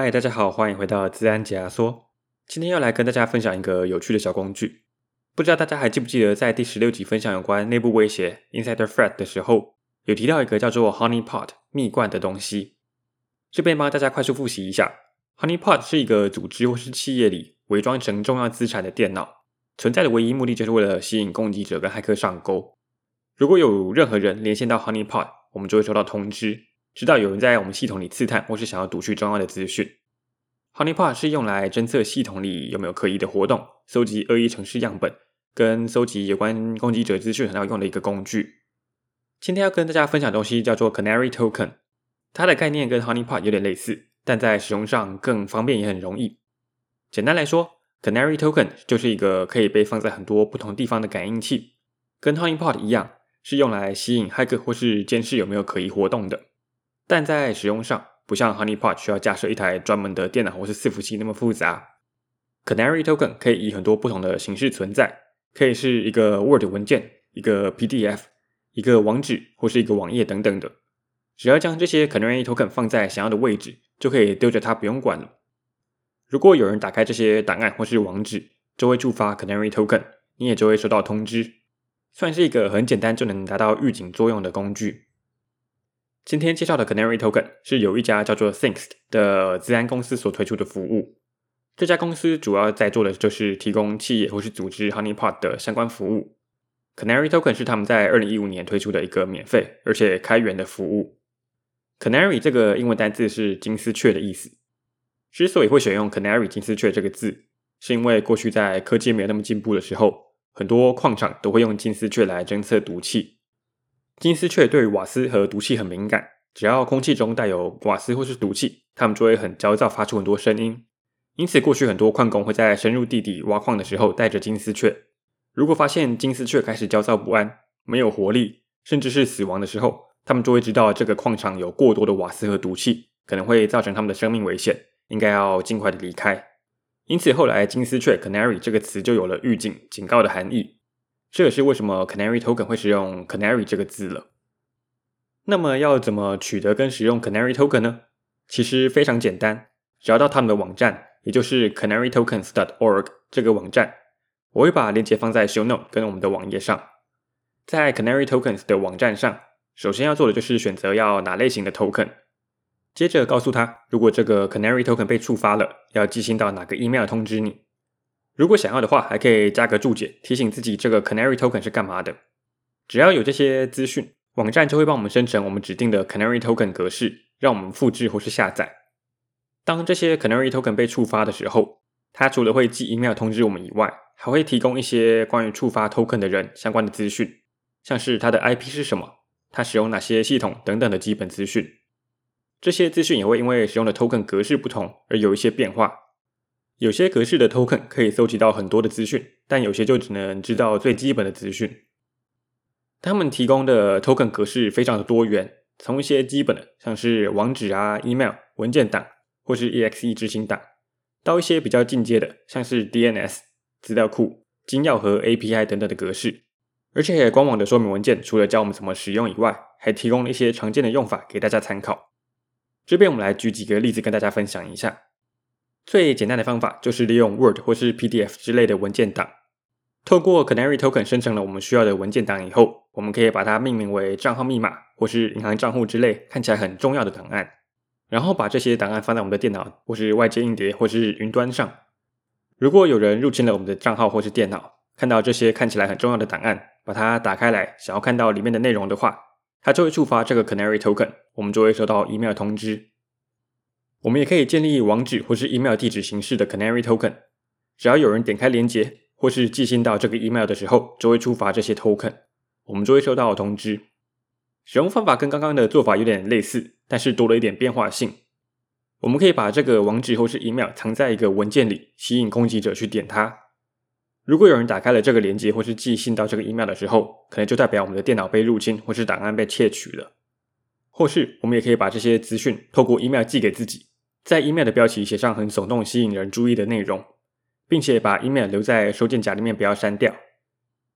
嗨，大家好，歡迎回到資安解壓縮。今天要來跟大家分享一個有趣的小工具。不知道大家還記不記得，在第十六集分享有關內部威脅 （insider threat） 的時候，有提到一個叫做 honeypot（ 蜜罐）的東西。這邊幫大家快速複習一下：honeypot 是一個組織或是企業裡偽裝成重要資產的電腦，存在的唯一目的就是為了吸引攻擊者跟駭客上鈎。如果有任何人連線到 honeypot，我們就會收到通知，知道有人在我們系統裡刺探或是想要讀取重要的資訊。Honey Pot 是用來偵測系統裡有沒有可疑的活動，蒐集惡意程式樣本，跟蒐集有關攻擊者資訊很有用的一個工具。今天要跟大家分享的東西叫做 Canary Token，它的概念跟 Honey Pot 有點類似，但在使用上更方便也很容易。簡單來說，Canary Token 就是一個可以被放在很多不同地方的感應器，跟 Honey Pot 一樣是用來吸引駭客或是監視有沒有可疑活動的，但在使用上，不像 Honeypot 需要架設一台專門的電腦或是伺服器那麼複雜，Canary Token 可以以很多不同的形式存在，可以是一個 Word 文件、一個 PDF、一個網址或是一個網頁等等的。只要將這些 Canary Token 放在想要的位置，就可以丟着它不用管了。如果有人打開這些檔案或是網址，就會觸發 Canary Token，你也就會收到通知，算是一個很簡單就能達到預警作用的工具。今天介紹的 Canary Token 是由一家叫做 Thinkst 的資安公司所推出的服務。這家公司主要在做的就是提供企業或是組織 Honey Pot 的相關服務。Canary Token 是他們在二零一五年推出的一個免費而且開源的服務。Canary 這個英文單字是金絲雀的意思。之所以會選用 Canary 金絲雀這個字，是因為過去在科技沒有那麼進步的時候，很多礦場都會用金絲雀來偵測毒氣。金絲雀對瓦斯和毒氣很敏感，只要空氣中帶有瓦斯或是毒氣，它們就會很焦躁，發出很多聲音。因此，過去很多礦工會在深入地底挖礦的時候帶着金絲雀。如果發現金絲雀開始焦躁不安、沒有活力，甚至是死亡的時候，他們就會知道這個礦場有過多的瓦斯和毒氣，可能會造成他們的生命危險，應該要盡快的離開。因此，後來“金絲雀 ”（Canary） 這個詞就有了預警、警告的含義。這也是為什麼 Canary Token 會使用 Canary 這個字了。那麼要怎麼取得跟使用 Canary Token 呢？其實非常簡單，找到他們的網站，也就是 Canary Tokens dot org 這個網站，我會把鏈接放在 show note 跟我們的網頁上。在 Canary Tokens 的網站上，首先要做的就是選擇要哪類型的 Token。接着告訴他，如果這個 Canary Token 被觸發了，要寄信到哪個 email 通知你。如果想要的話，還可以加個注解，提醒自己這個 Canary Token 是幹嘛的。只要有這些資訊，網站就會幫我們生成我們指定的 Canary Token 格式，讓我們複制或是下載。當這些 Canary Token 被觸發的時候，它除了會寄 email 通知我們以外，還會提供一些關於觸發 Token 的人相關的資訊，像是它的 IP 是什麼，它使用哪些系統等等的基本資訊。這些資訊也會因為使用的 Token 格式不同而有一些變化。有些格式的 token 可以蒐集到很多的資訊，但有些就只能知道最基本的資訊。他們提供的 token 格式非常的多元，從一些基本的像是網址啊、email 文件檔，或是 exe 執行檔，到一些比較進階的像是 DNS 資料庫、金鑰和 API 等等的格式。而且還有官網的說明文件，除了教我們怎麼使用以外，還提供了一些常見的用法給大家參考。這邊我們來舉幾個例子跟大家分享一下。最簡單的方法就是利用 Word 或是 PDF 之類的文件檔，透過 Canary Token 生成了我們需要的文件檔以後，我們可以把它命名為賬號密碼或是銀行賬戶之類看起來很重要的檔案，然後把這些檔案放在我們的電腦或是外接硬碟或是雲端上。如果有人入侵了我們的賬號或是電腦，看到這些看起來很重要的檔案，把它打開來想要看到裡面的內容的話，它就會觸發這個 Canary Token，我們就會收到 email 通知。我們也可以建立網址或是 email 地址形式的 Canary Token，只要有人點開鏈接或是寄信到這個 email 的時候，就會觸發這些 Token，我們就會收到通知。使用方法跟剛剛的做法有點類似，但是多了一點變化性。我們可以把這個網址或是 email 藏在一個文件裡，吸引攻擊者去點它。如果有人打開了這個鏈接或是寄信到這個 email 的時候，可能就代表我們的電腦被入侵或是檔案被竊取了。或是我們也可以把這些資訊透過 email 寄給自己，在 email 的標題寫上很聳動、吸引人注意的內容，並且把 email 留在收件夾裡面不要刪掉。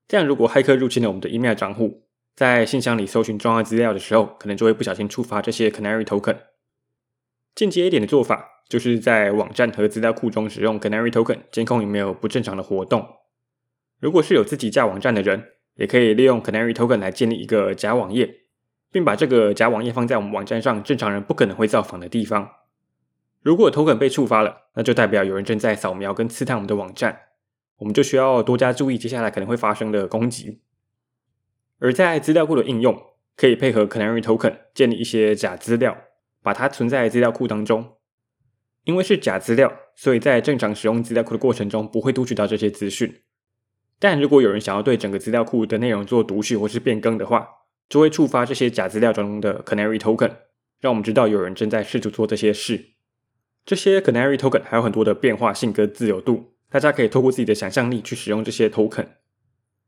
這樣如果駭客入侵了我們的 email 賬戶，在信箱裡搜尋重要資料的時候，可能就會不小心觸發這些 Canarytoken。間接一點的做法，就是在網站和資料庫中使用 Canarytoken 監控有沒有不正常的活動。如果是有自己架網站的人，也可以利用 Canarytoken 來建立一個假網頁。並把這個假網頁放在我們網站上，正常人不可能會造訪的地方。如果頭 n 被觸發了，那就代表有人正在掃描跟刺探我們的網站，我們就需要多加注意接下來可能會發生的攻擊。而在資料庫的應用，可以配合可 o k 頭 n 建立一些假資料，把它存在資料庫當中。因為是假資料，所以在正常使用資料庫的過程中不會讀取到這些資訊。但如果有人想要對整個資料庫的內容做讀取或是變更的話，就會觸發這些假資料中的 Canary Token，讓我們知道有人正在試圖做這些事。這些 Canary Token 還有很多的變化性跟自由度，大家可以透過自己的想象力去使用這些 Token。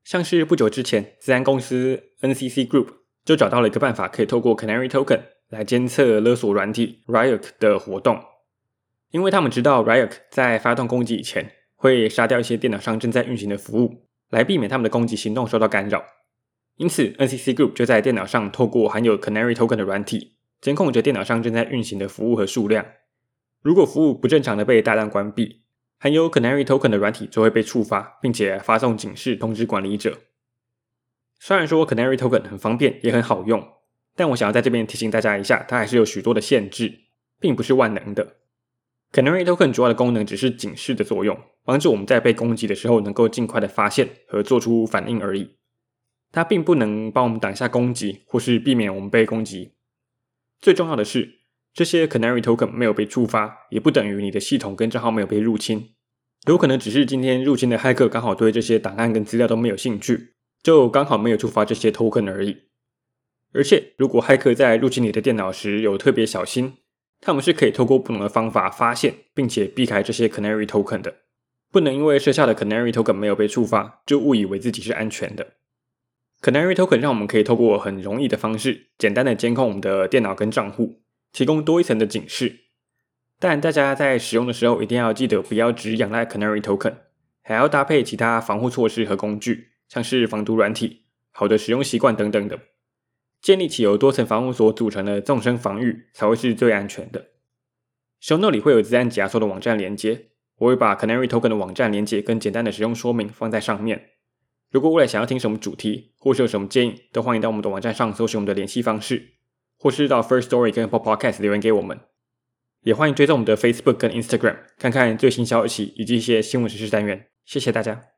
像是不久之前，資安公司 NCC Group 就找到了一個辦法，可以透過 Canary Token 來監測勒索軟體 Ryuk 的活動，因為他們知道 Ryuk 在發動攻擊以前，會殺掉一些電腦上正在運行的服務，來避免他們的攻擊行動受到干擾。因此，NCC Group 就在電腦上透過含有 Canary Token 的軟體，監控着電腦上正在運行的服務和數量。如果服務不正常的被大量關閉，含有 Canary Token 的軟體就會被觸發，並且發送警示通知管理者。雖然說 Canary Token 很方便也很好用，但我想要在這邊提醒大家一下，它還是有許多的限制，並不是萬能的。Canary Token 主要的功能只是警示的作用，幫助我們在被攻擊的時候能夠儘快的發現和做出反應而已。它並不能幫我們擋下攻擊，或是避免我們被攻擊。最重要的是，這些 Canary Token 沒有被觸發，也不等於你的系統跟賬號沒有被入侵。有可能只是今天入侵的駭客剛好對這些檔案跟資料都沒有興趣，就剛好沒有觸發這些 Token 而已。而且，如果駭客在入侵你的電腦時有特別小心，他們是可以透過不同的方法發現，並且避開這些 Canary Token 的。不能因為設下的 Canary Token 沒有被觸發，就誤以為自己是安全的。Canary Token 讓我們可以透過很容易的方式，簡單的監控我們的電腦跟賬戶，提供多一層的警示。但大家在使用的時候，一定要記得不要只仰賴 Canary Token，還要搭配其他防護措施和工具，像是防毒軟體、好的使用習慣等等的，建立起由多層防護所組成的縱深防禦，才會是最安全的。Show Note 裡會有自然壓縮的網站連接，我會把 Canary Token 的網站連接跟簡單的使用說明放在上面。如果未來想要聽什麼主題，或是有什麼建議，都歡迎到我們的網站上搜索我們的聯繫方式，或是到 First Story 跟 Apple Podcast 留言給我們。也歡迎追蹤我們的 Facebook 跟 Instagram，看看最新消息以及一些新聞時事單元。謝謝大家。